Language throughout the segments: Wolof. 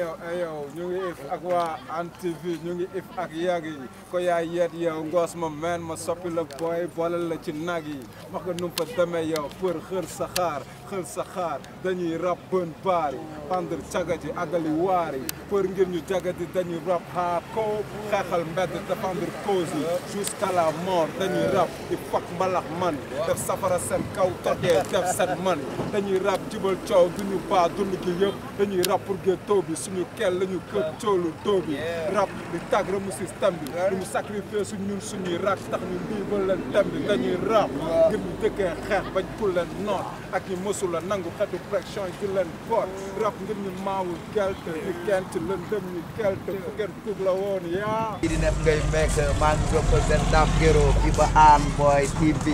yow yow ñu ngi if ak waa Hann TV ñu ngi if ak yàgg yi ko yaay yeet yow ngoos ma meen ma soppi la booy boolel la ci nag yi wax nga nu mu fa demee yow për xër saxaar xël saxaar dañuy rap bën baari pandar cagati agali waari për ngir ñu jagati dañuy rap xaar koo xeexal mbedd défendre cause yi jusqu'à la mort dañuy rap di fak mbalax man def safara seen kaw tojee def seen man dañuy rap jibal coow duñu baa dund gi yëpp dañuy rap pour ghetto bi suñu kell lañu këpp coolu doo bi rap di tag ramu système bi lu mu sacrifier su ñun suñuy rak tax ñu ndiibal leen tem bi dañuy rap ngir ñu dëkkee xeex bañ ñu mos mosul a nangu xetu pression ci leen boot rab ngir ñu maawul gelte ñu gent lëndëm ñu gelte fu ngeen tuub la woon yaa di nekk ngay mekk maa ngi jokkal seen daf géro fii ba aan booy TV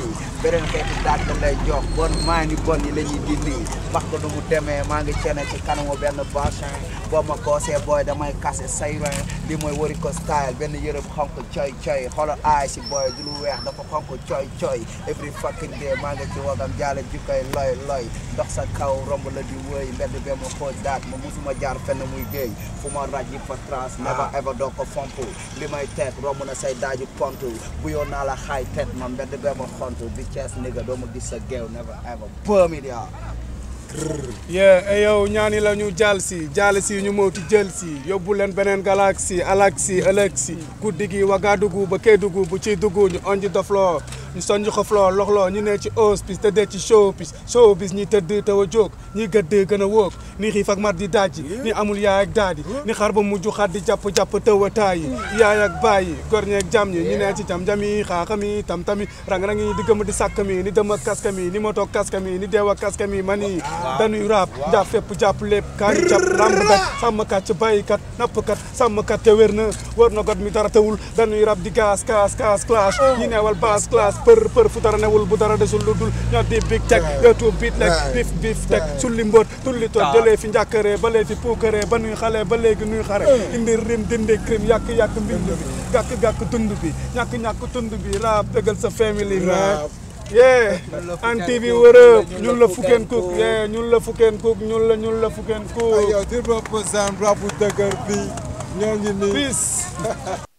beneen xeeti dàkk lay jox bon maa bon yi la dindi wax ko mu demee maa ngi cene ci kanamu benn bassin boo ma koosee booy damay kase sayrin li mooy wari ko style benn yëre bu xonk coy xolo aay si booy du lu weex dafa xonk coy coy every fucking day ngi ci wagam loy loy dox sa kaw romb la di wëy mbedd bee ma xooj daat ma jaar fenn muy géej fu ma raj yi fa trans ah. never ever doo ko fomp li may teet romb na say daaju pont bu yoon naa la xaay teet ma mbedd bee ma xont bi Cees nigga doo ma gis sa géew never ever permit yaa yee yow ñaani la ñu jàll si jàll si ñu mooti jël si yóbbu leen beneen galaxie alaxie ëllëg si guddi gi wagadugu ba Kédougou bu ciy dugg ñu onji lo ñu son ñu xofloo loxloo ñu ne ci hospice tëddee ci showbiz showbiz ñi tëdd taw a ñi gëdd gën a wóog ni xiif ak mar di daaj yi ni amul yaay ak ni xar ba mujj xat di jàpp-jàpp taw a taay yi yaay ak baay yi gor ñeeg jam ñi ñu ne jam-jam yi tam-tam yi rang-rang di gëm di sàkk mi ni dëm ak kaska ni moto kaska mi ni deew ak kaska mi man yi dañuy raab ndaa fépp jàpp lépp kaay jàpp ràmbkat sàmmkat ci baykat nappkat sàmmkat te wér na wër na mi dara tawul për për fu dara newul bu dara desul lu dul ña di big teg eh, tu biit lek bif bif teg sulli mbër tulli toj jëlee fi njàkkaree ba léegi fi puukaree ba nuy xale ba léegi nuy xare mm. indi rim dindi krim yàq yàq mbind bi gàkk gàkk tund bi ñàkk ñàkk tund bi raab dëggal sa family man yee an tv wërëb ñun la fukkeen kuk yee ñun la fukkeen kuk ñun la ñun la fukkeen kuk yow